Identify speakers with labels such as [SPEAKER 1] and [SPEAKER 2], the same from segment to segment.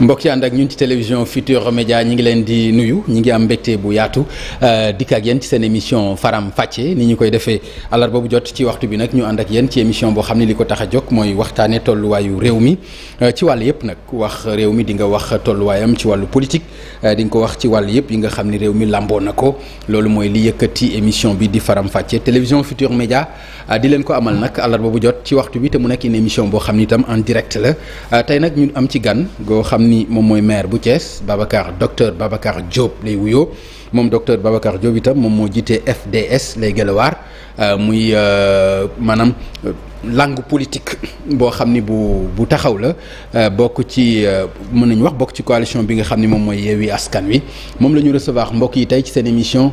[SPEAKER 1] mbokk yi ànd ak ñun ci télévision Futur Média ñi ngi leen di nuyu ñi ngi am mbégte bu yaatu euh, dikk ak yéen ci seen émission Faram Facce ni ñu koy defee àllarba bu jot ci waxtu bi nag ñu ànd ak yéen ci émission boo xam ne li ko tax a jog mooy waxtaanee tolluwaayu réew mi euh, ci wàll yëpp nag wax réew mi di nga wax tolluwaayam ci wàllu politique. Euh, di nga ko wax ci wàll yëpp yi nga xam ni réew mi làmboo na ko loolu mooy li yëkkati émission bi di faram fàcce télévision Futur Média euh, di leen ko amal nag àllarba bu jot ci waxtu bi te mu nekk une émission boo xam ni itam en direct la euh, tey nag ñu am ci gan goo xam ni moom mooy maire bu Thiès Babacar docteur Babacar Diop lay wuyo moom docteur Babacar Diop itam moom moo jiite FDS lay Guelwaar muy maanaam. langue politique boo xam ni bu bu taxaw la euh, bokk ci euh, mën nañu wax bokk ci coalition bi nga xam ni moom mooy Yewwi Askan Wi moom la ñu recevoir mbokk yi tey ci seen émission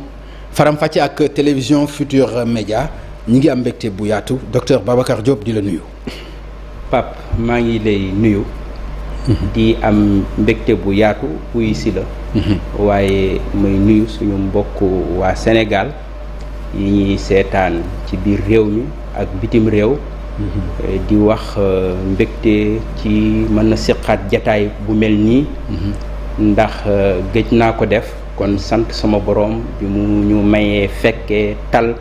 [SPEAKER 1] Faram Facce ak télévision Futur Média ñi ngi am mbégte bu yaatu docteur Babacar Diop di la nuyu.
[SPEAKER 2] pap maa ngi lay nuyu. Mhm. di am mbégte bu yaatu buy si la. Mhm. waaye muy nuyu suñu mbokk waa Sénégal yi ñuy seetaan ci biir réew mi ak bitim réew. Euh, di wax euh, mbégte ci mën na seqaat jataay bu mel nii mm-hmm. ndax euh, géej naa ko def kon sant sama borom bi mu ñu mayee fekkee tal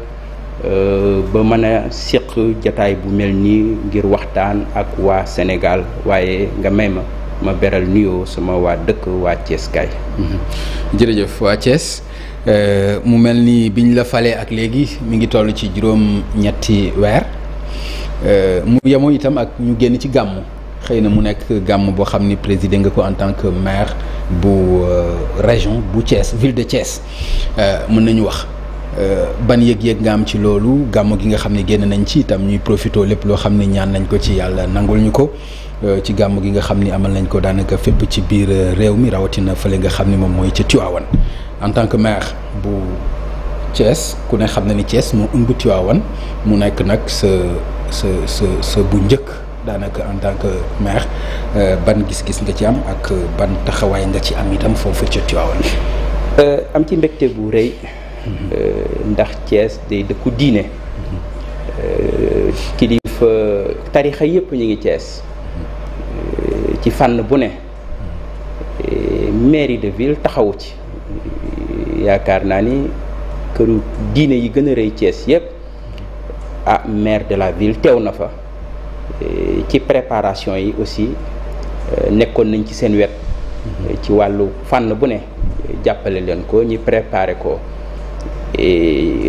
[SPEAKER 2] ba mën a seq jataay bu mel nii ngir waxtaan ak waa Sénégal waaye nga may ma ma beral nuyoo
[SPEAKER 1] sama waa dëkk waa Thiès kaay mm-hmm. waa Thiès mu mel ni biñ la falee ak léegi mu ngi toll ci juróom ñetti weer Euh, mu yemoo itam ak ñu génn ci gàmm xëy na mu nekk gàmm boo xam ni présider nga ko en tant que maire bu euh, région bu Thiès ville de Thiès euh, mën nañu wax ban yëg-yëg nga am ci loolu gàmm gi nga xam ne génn nañ ci itam ñuy profité lépp loo xam ne ñaan nañ ko ci yàlla nangul ñu ko ci gàmm gi nga xam ni amal nañ ko daanaka fépp ci biir réew mi rawatina fële nga xam ni moom mooy ci Tivaouane en tant que maire bu Thiès ku ne xam na ni Thiès moo ëmb Tivaouane mu nekk nag sa sa sa bu njëkk daanaka en tant que maire euh, ban gis-gis nga ci am ak ban taxawaay nga ci am itam foofu ca Tivaouane. Euh, am ci mbégte bu rëy.
[SPEAKER 2] Euh, ndax cees day dëkku diine. kilifa tarixa yëpp ñu ngi cees ci fànn bu ne. mairie de ville taxawu ci. yaakaar naa ni këru diine yi gën a rëy cees yëpp. ah maire de la ville teew na fa eh, ci préparation yi aussi eh, nekkoon nañ ci seen wet eh, ci wàllu fànn bu ne jàppale leen ko ñi préparé ko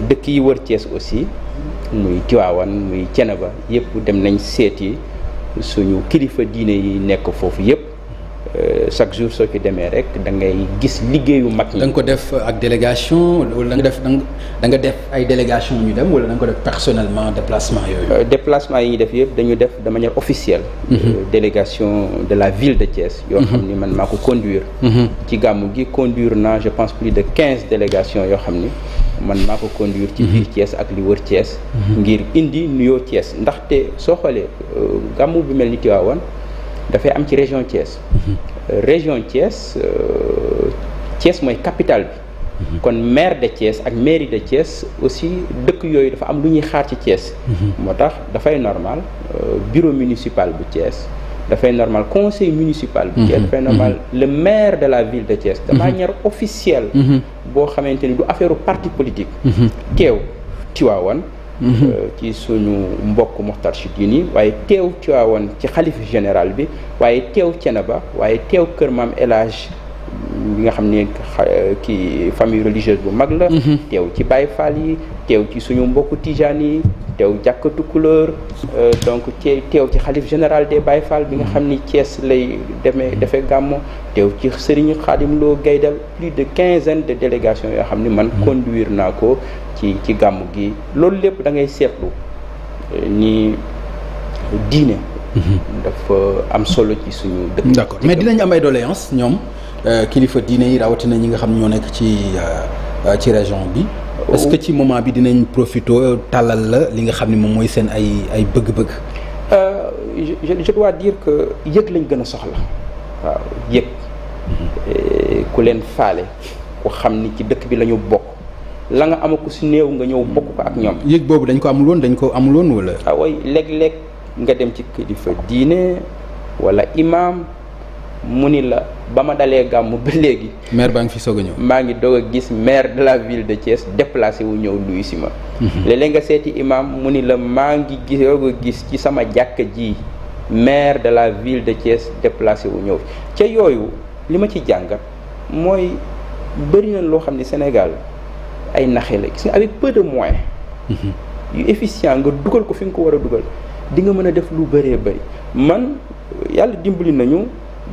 [SPEAKER 2] dëkk yi wër cees aussi muy Tiwaawan muy ba yëpp dem nañ seeti suñu kilifa diine yi nekk foofu yëpp Euh,
[SPEAKER 1] chaque jour soo ci demee rek da ngay gis liggéeyu mag ñi. da ko def ak délégation wala da nga def da nga def ay délégation ñu dem wala da ko def personnellement déplacement yooyu. Euh, déplacement
[SPEAKER 2] yi ñu def yëpp dañu def de manière officielle. Mhm. Euh, délégation de la ville de Thiès. Mhm. yoo xam ni man maa ko conduire. Mhm. ci gàmmu gi conduire naa je pense plus de quinze délégations yoo xam ni. man maa ko conduire ci biir Thiès ak li wër Thiès. ngir indi nuyoo Thiès ndaxte soo xoolee gàmmu bi mel ni Tivaouane dafay am ci région Thiès. Mhm. région Thiès euh, Thiès mooy capital bi. Mhm. kon maire de Thiès ak mairie de Thiès aussi dëkk yooyu dafa am lu ñuy xaar ci Thiès. Mhm. moo tax dafay normal euh, bureau municipal bu Thiès. dafay normal conseil municipal bi Thiès dafay normal le maire de la ville de Thiès de manière officielle boo xamante ni du affaire parti politique teew Tiwaawan Mm-hmm. Euh, ci suñu mbokk Moustarchidine yi waaye teew ci Tiwaawan ci xalifa général bi waaye teew Cenaba waaye teew kër maam El bi nga xam ne kii famille religieuse bu mag la mhm. teew ci Baye Fall yi teew ci suñu mbokku tijaan yi teew jàkkatu couleur euh, donc teew ci xalif général des Baye Fall bi nga mhm. xam ni Thiès lay demee defee gàmmo teew ci Serigne Khadim Lo Gaydal plus de quinzaine de délégation yoo xam ni man mhm. conduire naa ko ci ci gàmmu gi loolu lépp da ngay seetlu euh, ni
[SPEAKER 1] diine dafa am solo ci suñu dëkk d'accord mais dinañ am ay doléance ñoom Euh, kilifa diine yi rawatina ñi nga xam ñoo nekk ci euh, euh, ci région bi. parce que ci moment bi dinañ profité tàllal la li nga xam ne moom mooy seen ay ay bëgg-bëgg.
[SPEAKER 2] je je dois dire yëg lañ gën a soxla. waaw yëg ku leen faale ku xam ni ki dëkk bi la ñu bokk la nga ama ko si néew nga ñëw bokk ak ñoom.
[SPEAKER 1] yëg boobu dañ ko amuloon woon dañ ko amul woon wala.
[SPEAKER 2] ah way léeg nga dem ci kilifa diine wala imaam. mu ni la ba ma dalee gàmm ba léegi. maire baa ngi fi soog ñëw. maa ngi doog a gis maire de la ville de Thiès déplacé wu ñëw nuyu si ma. Mhm. nga seeti imam mu ni la maa ngi gis doog a gis ci sama jàkka ji maire de la ville de Thiès déplacé wu ñëw ca yooyu li ma ci jàngat mooy bëri na loo xam ne Sénégal ay naxe la gis nga avec peu de moyens. Mhm. yu efficient nga dugal ko fi nga ko war a dugal di nga mën a def lu bëree bëri man yàlla dimbali nañu.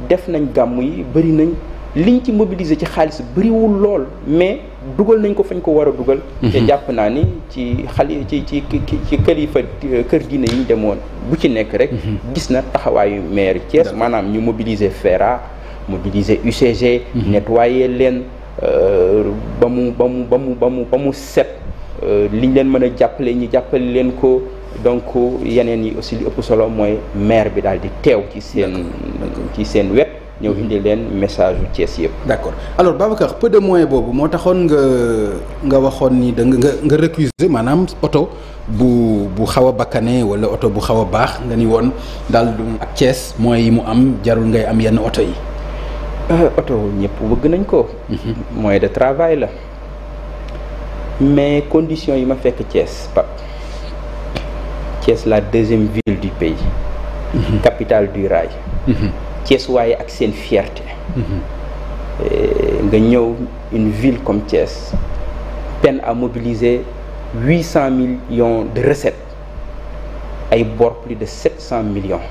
[SPEAKER 2] def nañ gàmm yi bëri nañ liñ ci mobiliser ci xaalis bëriwul lool mais dugal nañ ko fañ ko war a dugal. Mhm. te jàpp naa ni ci xali ci ci ci kalifa euh, kër diine yi ñu demoon bu ci nekk rek. Mhm. gis na taxawaayu maire Thiès maanaam ñu mobiliser FERA mobiliser UCG. Mhm. nettoyer leen euh, ba mu ba mu ba mu ba mu ba mu set euh, liñ leen mën a jàppale ñu jàppale leen ko. donc yeneen yi aussi li ëpp solo mooy maire bi daal di teew ci seen ci seen wet ñëw indi leen
[SPEAKER 1] message yu Thiès yëpp d'accord alors Babacar peu de moyens boobu moo taxoon nga nga waxoon ni da nga nga récuser maanaam oto bu bu xaw a bakkane wala oto bu xaw a baax nga ni woon daal ak Thiès moyens yi mu am jarul ngay am yenn oto yi
[SPEAKER 2] euh, oto ñëpp bëgg nañ ko mhm. moyen de travail la mais condition yi ma fekk Thiès Pape Thiès la deuxième ville du pays mhm. capitale du rail mhm. Thiès waaye ak seen fierté mhm. eh, nga ñëw une ville comme Thiès peine à mobiliser huit cent millions de recettes ay bor plus de sept cent millions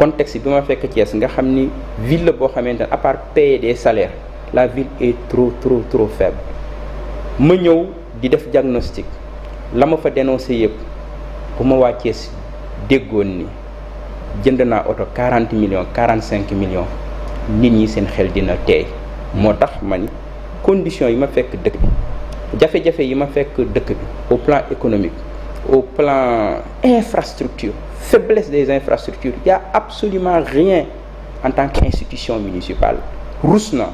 [SPEAKER 2] contexte bi ma fekk Thiès nga xam ni ville la boo xamante ne à part payer des salaires la ville est trop trop trop faible ma ñëw di def diagnostic la ma fa dénoncé yëpp bu ma waa Thiès déggoon ni jënd naa oto million millions 45 millions nit ñi seen xel dina teey moo tax ma ni conditions yi ma fekk dëkk bi jafe-jafe yi ma fekk dëkk bi au plan économique au plan infrastructure faiblesse des infrastructures il y a absolument rien en tant qu'institution municipale rus na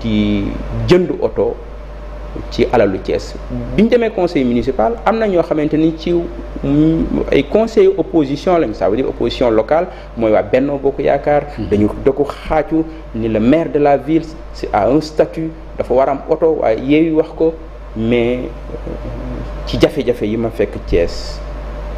[SPEAKER 2] di jënd oto ci alalu Thiès bi ñu demee conseil municipal am na ñoo xamante ni ci ay conseil opposition lañ sa veut opposition locale mooy waa Benno Bokk Yaakaar mhm. dañu dëkku xaaju ni le maire de la ville c'est à un statut dafa war am oto waaye yeeyu wax ko mais euh, ci jafe-jafe yi ma fekk Thiès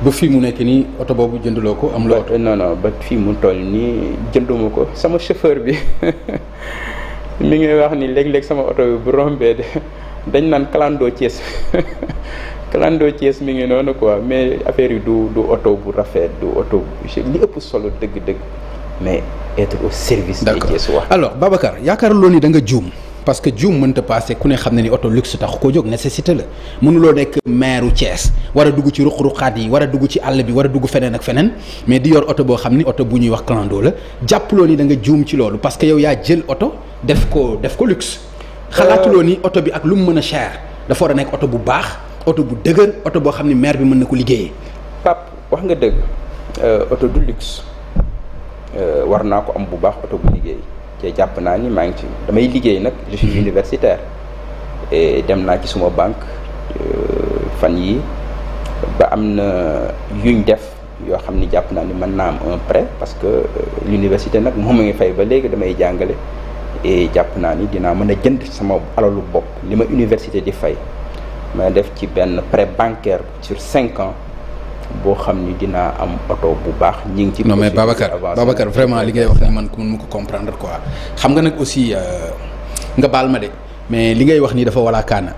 [SPEAKER 2] ba fi mu nekk nii oto boobu jënduloo ko am loo oto non ba fii mu toll nii jënduma ko sama chauffeur bi mi ngi wax ni léeg-léeg sama oto bi bu de dañ naan clando Thiès clando Thiès mi ngi noonu quoi mais affaire yi du du oto bu rafet du oto bu li ëpp solo dëgg-dëgg mais être
[SPEAKER 1] au service. des Thiessois alors Babacar yaakaar loo ni danga nga juum. parce que juum mënta passé ku ne xam ne ni oto luxe tax koo jóg nécessité la mënuloo nekk maire u Thiès war a dugg ci ruq-ruqaat yi war a dugg ci àll bi war a dugg feneen ak feneen mais di yor oto boo xam ni oto bu ñuy wax clando la jàppaloo ni da nga juum ci loolu parce que yow yaa jël oto def ko def ko luxe. xalaatuloo ni oto bi ak lu mu mën a chair dafa war a nekk oto bu baax oto bu dëgër oto boo xam ne maire bi mën na ko liggéeyee.
[SPEAKER 2] Pape wax nga dëgg euh, oto du luxe euh, war naa ko am bu baax oto bu liggéey te jàpp naa ni maa ngi ci damay liggéey nag je suis universitaire dem naa ci suma banque euh, fan yi ba am na yuñ def yoo xam ni jàpp naa ni mën naa am un prêt parce que l'université nag moom a ngi fay ba léegi damay jàngale E jàpp naa ni dinaa mën a jënd sama alalu bopp li ma université di fay ma def ci benn prêt bancaire sur cinq ans boo xam ni dinaa am oto bu baax ñi ngi ci non mais Babacar Babacar vraiment li ngay wax
[SPEAKER 1] ni mën ko comprendre quoi xam nga nag aussi euh, nga baal ma de mais li ngay wax nii dafa walaa kaana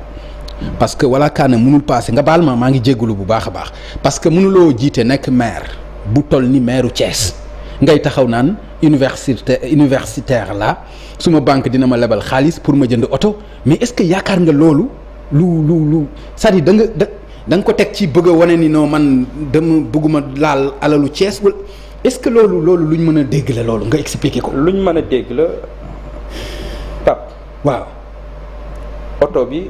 [SPEAKER 1] parce que walaa kaana mënul passé nga baal ma maa ngi jégalu bu baax a baax parce que mënuloo jiite nekk maire bu toll ni maireu Thiès ngay taxaw naan université universitaire la suma banque dina ma lebal xaalis pour ma jënd oto mais est-ce que yaakaar nga loolu lu lu lu c'est-à-dire da nga da da nga ko teg ci bëgg a wane ni noo man dama bëgguma laal alalu Cees wala est-ce que loolu loolu luñ mën a dégg la loolu nga expliquer ko. luñ mën a dégg la Pape. waaw
[SPEAKER 2] oto bi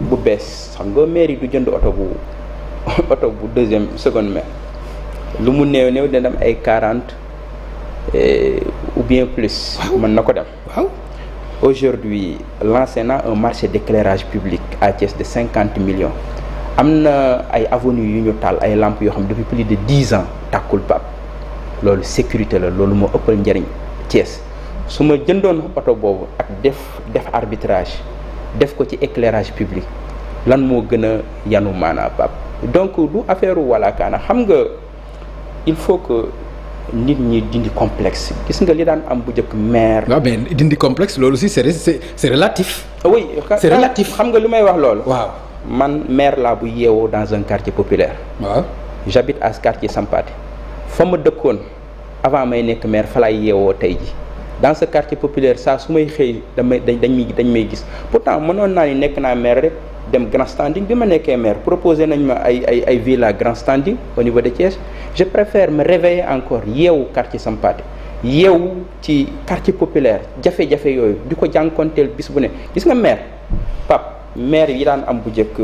[SPEAKER 2] bu bees xam nga mairie du jënd oto bu oto bu deuxième seconde main lu mu néew new dina am ay quarante Euh, ou bien plus. mën na ko dem. waaw aujourd'hui lancé na un marché d'éclairage public à Thiès de cinquante millions am na ay avenue yu ñu taal ay làmp yoo xam depuis plus de dix ans tàkkul pap loolu sécurité la loolu moo ëppal njëriñ Thiès su ma jëndoon oto boobu ak def def arbitrage def ko ci éclairage public lan moo gën a yanu maanaa pap donc du affaire walaakaana xam nga il faut que. nit ñi dindi complexe gis nga li daan am bu njëkk maire. waaw mais dindi complexe loolu si c'est c'est relatif. Ah oui c'est relatif xam nga lu may wax loolu. waaw man maire laa bu yeewoo dans un quartier populaire. waaw j'habite à ce quartier Sampaté fa ma dëkkoon avant may nekk maire fa laay yeewoo tey ji dans ce quartier populaire saa su may xëy damay dañ dañ may gis pourtant mënoon naa ni nekk naa maire rek. dem grand standing bi ma nekkee maire proposé nañ ma ay ay ay villa grand standing au niveau de je préfère me réveiller encore yeewu quartier Sampaate yeewu ci quartier populaire jafe-jafe yooyu di ko jànkonteel bis bu ne gis nga maire pap maire yi daan am bu njëkk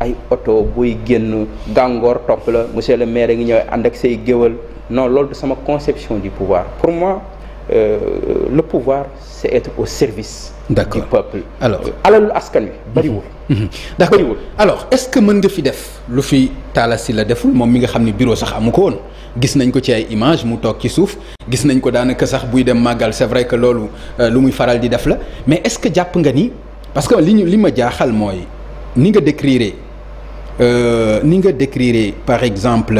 [SPEAKER 2] ay oto buy génn gàngoor topp la monsieur le maire a ngi ñëw ànd ak say géwal non loolu du sama conception du pouvoir pour moi
[SPEAKER 1] Euh, le pouvoir c'est être au service d'accord du peuple askan wi mhm. bariwul mhm. d'accord alors est-ce que mën nga fi def lu fi Talla la deful moom mi nga xam ni bureau sax amu ko woon gis nañ ko ci ay image mu toog ci suuf gis nañ ko daanaka sax buy dem màggal c'est vrai que loolu euh, lu muy faral di def la mais est-ce que jàpp nga ni parce que li ñu li ma jaaxal mooy ni nga décrire euh, ni nga décrire par exemple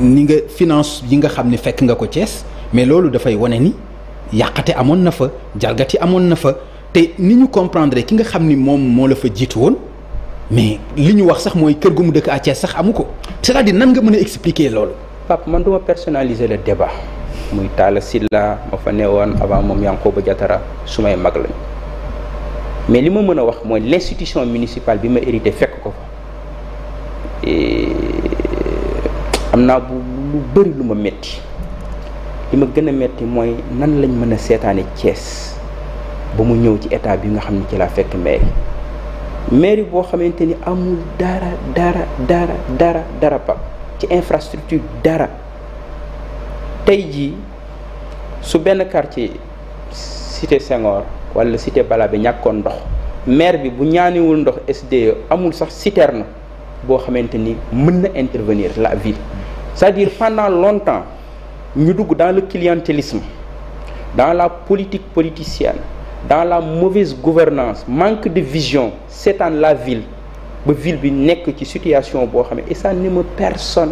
[SPEAKER 1] ni nga finance yi nga xam ni fekk nga ko cees mais loolu dafay wane ni yàqate amoon na fa jalgati amoon na fa te ni ñu comprendre ki nga xam ni moom moo la fa jiitu woon mais li ñu wax sax mooy kër gu mu dëkk à sax amu ko c'est-à-dire nan nga mën a expliquer loolu. Pape man duma personnaliser le débat
[SPEAKER 2] muy Talla Sylla ma fa ne newoon avant moom ba Diattara su may mag lañ mais li ma mën a wax mooy l'institution municipale bi ma hérité fekk ko am naa bu lu bëri lu ma métti. li ma gën a metti mooy nan lañ mën a seetaane Thiès ba mu ñëw ci état bi nga xam ne ci laa fekk mairie maire boo xamante ni amul dara dara dara dara dara pap ci infrastructure dara tey jii su benn quartier cité Senghor wala cité Balabé ñàkkoon ndox maire bi bu ñaaniwul ndox SDE amul sax citerne boo xamante ni mën na intervenir la ville cest à pendant longtemps ñu dugg dans le clientélisme dans la politique politicienne dans la mauvaise gouvernance manque de vision seetaan la ville ba ville bi nekk ci situation boo xam ne et ça n'aime personne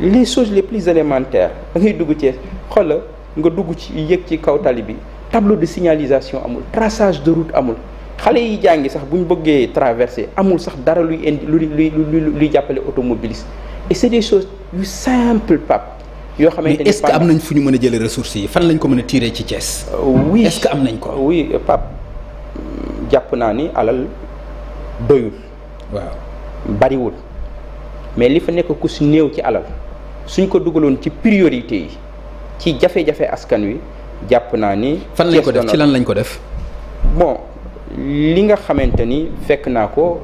[SPEAKER 2] les choses les plus élémentaires da ngay dugg ci xola nga dugg ci yéeg ci kaw tali bi tableau de signalisation amul traçage de route amul xale yi jàngi sax bu ñu bëggee traverser amul sax dara luy indi luy luy luy jàppale automobiliste et c'est des choses yu simple Pape
[SPEAKER 1] yoo xamante ni est am nañ fu ñu mën a jëlee ressources yi fan lañ ko mën a tiiree ci Thiès. Euh, oui est-ce am nañ ko. oui Pape jàpp
[SPEAKER 2] naa ni alal doyul. waaw bariwul mais li fa nekk ku néew ci alal suñ ko dugaloon ci priorité yi ci jafe-jafe askan wi jàpp naa ni. fan lañ ko def ci lan lañ ko def. bon li nga xamante ni fekk naa ko.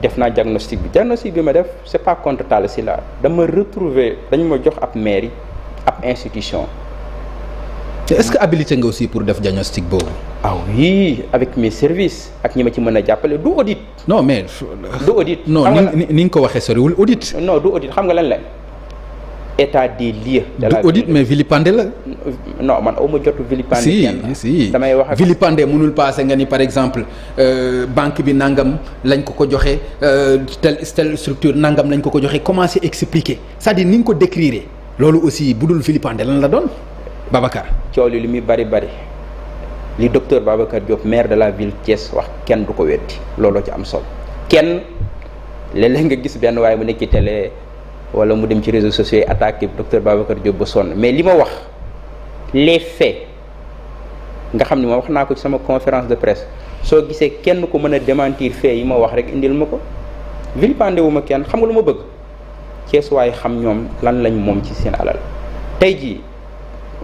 [SPEAKER 2] def naa diagnostic bi diagnostic bi ma def c'est pas contre Talla Sylla dama retrouver dañu ma jox ab mairie ab institution. te est-ce que habilité nga aussi pour def diagnostic boobu. ah oui avec mes services ak ñi ma ci mën a jàppale du audit. non mais. du audit non
[SPEAKER 1] ni ni nga ko waxee soriwul audit. non du audit xam nga lan leen état des lieux. de la audit mais vilipande la. non man aw ma jot vilipande. si si damay wax vilipande mënul paase nga ni par exemple euh, banque bi nangam lañ ko ko joxe telle euh, telle structure nangam lañ ko ko joxe commencé expliquer sa à ni nga ko décrire loolu aussi dul vilipande lan la doon Babacar.
[SPEAKER 2] coow li muy bari bari li docteur Babacar Diop maire de la ville Thiès wax kenn du ko weddi looloo ci am solo kenn léeg nga gis benn waaye mu nekk ci télé. wala mu dem ci réseau sociaux yi attaqué docteur Babacar Diop ba sonn mais li ma wax les faits nga xam ni ma wax naa ko ci sama conférence de presse soo gisee kenn ku mën a démentir faits yi ma wax rek indil ma ko vilipendé wu ma kenn xam nga lu ma bëgg Cees waaye xam ñoom lan lañ moom ci seen alal tey jii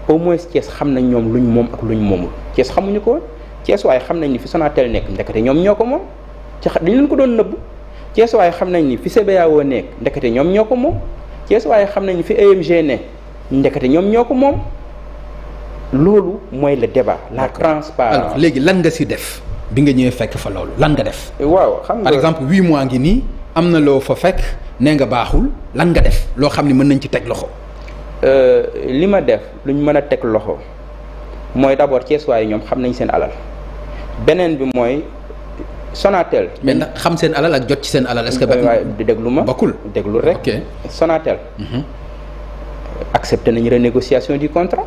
[SPEAKER 2] au moins Cees xam nañ ñoom luñ moom ak luñ moomul Cees xamuñu ko woon Cees waaye xam nañ ni fi Sonatel nekk ndekete ñoom ñoo ko moom ci dañ leen ko doon Cees xam nañ ni fi CBAO nekk ndekete ñoom ñoo ko moom Cees xam nañ ni fi AMG ne ndekete ñoom ñoo ko moom
[SPEAKER 1] loolu mooy le débat la transparence alors léegi lan nga si def bi nga ñëwee fekk fa loolu lan nga def waaw xam nga par exemple huit mois ngi nii am na loo fa fekk nee nga baaxul lan nga def loo xam ne mën nañ ci teg loxo euh, li ma def lu ñu mën a teg loxo
[SPEAKER 2] mooy d'abord Cees waaye ñoom xam nañ seen alal beneen bi mooy Sonatel. mais nag xam seen alal ak jot ci seen alal est-ce que. waay déglu ma bokkul déglu rek. Sonatel. Mhm. accepté nañu renégociation du contrat.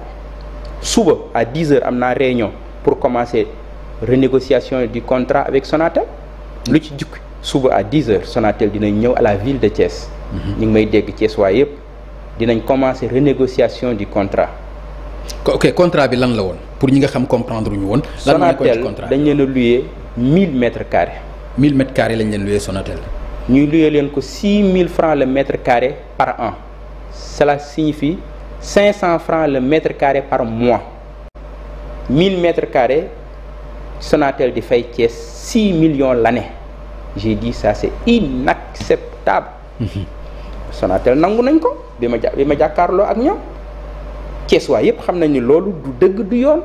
[SPEAKER 2] suba à 10 am naa réunion pour commencer renégociation du contrat avec Sonatel. lu ci jukki suba à 10 heures Sonatel dinañ ñëw à la ville de Thiès. Mhm. ñu ngi may dégg Thiès waaye yëpp dinañ commencer renégociation du contrat. ok
[SPEAKER 1] contrat bi lan la woon pour ñi nga xam comprendre ñu woon. lan mooy contrat Sonatel dañ leen a 1000 mètres carrés. 1000 mètres carrés lañ leen loué Sonatel. ñuy loué leen ko 6000 francs le mètre
[SPEAKER 2] carré par an cela signifie 500 francs le carré par mois 1000 mètres carrés Sonatel di fay Thiès 6 millions l'année j'ai dit ça c'est inacceptable. Mhm. Sonatel nangu nañ ko bi ma ja bi jàkkaarloo ak ñoom Thiès waa yëpp xam nañ loolu du dëgg du yoon.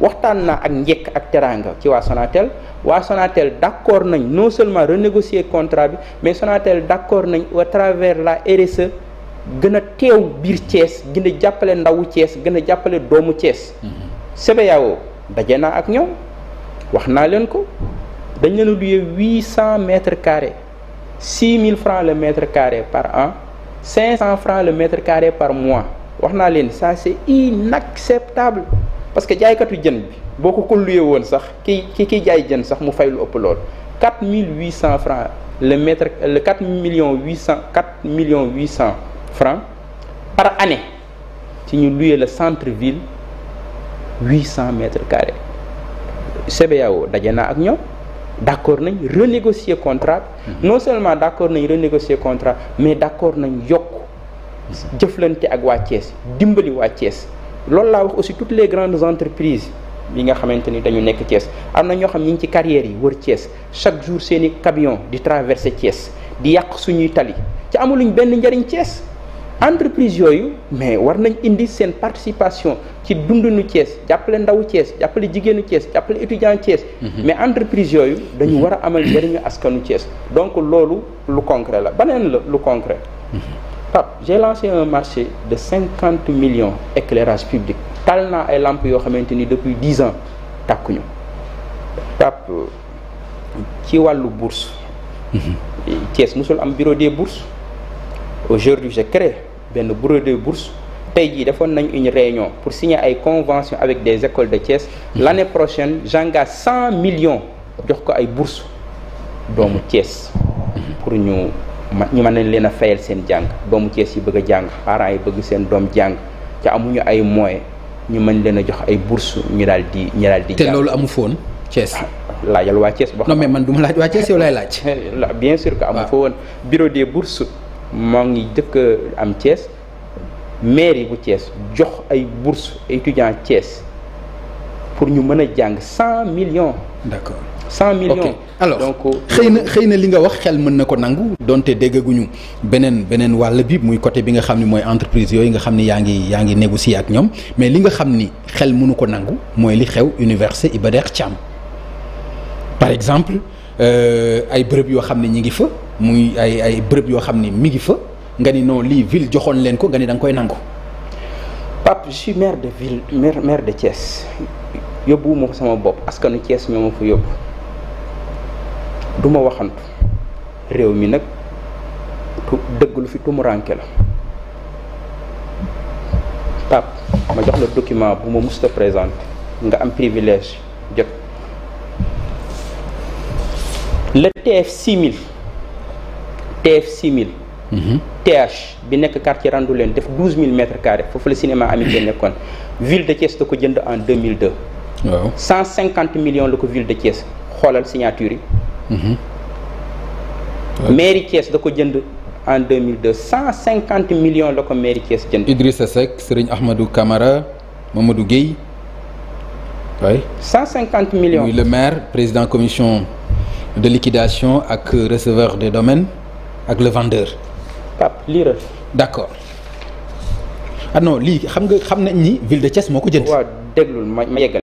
[SPEAKER 2] waxtaan naa ak njekk ak teraanga ci waa Sonatel waa Sonatel d'accord nañ non seulement renégocier contrat bi mais Sonatel d'accord nañ au travers la RSE gën a teew biir Thiès gën a jàppale ndawu Thiès gën a jàppale doomu Thiès. Mm-hmm. CBAO daje naa ak ñoom wax naa leen ko dañ leen a luyee huit cent mètres carrés six mille francs le mètre carré par an cinq cent francs le mètre carré par mois wax naa leen ça c'est inacceptable. parce que jaaykatu jën bi boo ko ko luyee woon sax ki ki kiy jaay jën sax mu fay lu ëpp lool 4800 francs le mètre le 4 millions 800 4 millions 800 francs par année ci ñu luyee la centre ville 800 mètres carrés CBAO daje na ak ñoom d' accord nañ renégocier contrat mm-hmm. non seulement d' accord nañ renégocier contrat mais d' accord nañ yokk jëflante ak waa dimbali waa loolu laa wax aussi toutes les grandes entreprises yi nga xamante ni dañu nekk Thiès am na ñoo xam ñi ngi ci carrière yi wër cees chaque jour seeni camion di traverser Thiès di yàq suñuy tali ci amuluñ benn njariñ Thiès entreprise yooyu mais war nañ indi seen participation ci dundunu Thiès jàppale ndawu Thiès jàppale jigéenu cees jàppale étudiant Thiès. Mhm. mais entreprise yooyu dañu mhm. war a amal njariñu askanu Thiès donc loolu lu concret la baneen la lu concret mhm. Pape j'ai lancé un marché de cinquante millions éclairage public tal naa ay lampes yoo xamante ni depuis dix ans tàkkuñu Pape ci wàllu bourse Thiès mosul am bureau des bourses aujourd'hui j'ai créé benn bureau de bourses tey jii defoon nañ une réunion pour signer ay convention avec des écoles de Thiès l'année prochaine j'engage cent millions jox ko ay bourses doomu Thiès pour ñu ñu mën nañ leen a fayal seen jàng doomu Cees yi bëgg a jàng parents yi bëgg seen doom jàng te amuñu ay moye ñu mën leen a jox ay bourse ñu daal di ñu daal di. te loolu amu foon Cees. Ah, laajal waa Cees boo. non mais man du ma laaj waa Cees yow lay laaj. bien sûr que amu fa woon bureau de bourses moo ngi dëkk am Cees mairie bu Cees jox ay bourse étudiants
[SPEAKER 1] Cees pour ñu mën a jàng cent millions. d'accord. cent millions ok alors euh, xëy na xëy na li nga wax xel mën na ko nangu donte déggaguñu beneen beneen wàll bi muy côté bi nga xam ni mooy entreprise yooyu nga xam ni yaa ngi yaa ngi négocier ak ñoom mais li nga xam ni xel mënu ko nangu mooy li xew université Iba Der Thiam par exemple euh, ay bërëb yoo xam ne ñi ngi fa muy ay ay bërëb yoo xam ni mi ngi fa nga ni non lii ville joxoon leen ko nga ni danga koy nangu. Pape maire
[SPEAKER 2] de ville maire de Thiès yóbbuwuma ko sama bopp askanu Thiès ñoo ma fa yóbbu. du ma waxantu réew mi nag tu dëgg lu fi tumuranke la pap ma jox la document bu ma musta présenté nga am privilège jot le TF 6000 TF 6000 TH bi nekk quartier Randoulène def 12000 mètres carrés foofu la cinéma Amitié nekkoon ville de Thiès da ko jënd en 2002 waaw 150 millions la ko ville de Thiès xoolal signature yi Mm-hmm. mairie Thiès da ko jënd en 2002
[SPEAKER 1] 150 millions la ko mairie Thiès jënd. Idrissa Seck Serigne Ahmadou Camara Mamadou Guèye waay. 150 millions muy le maire président commission de liquidation ak receveur des domaine ak le vendeur. Pape liiral. d'accord ah non lii xam nga xam nañ ni ville de Thiès moo ko jënd. waaw
[SPEAKER 2] déglul ma ma yeggal.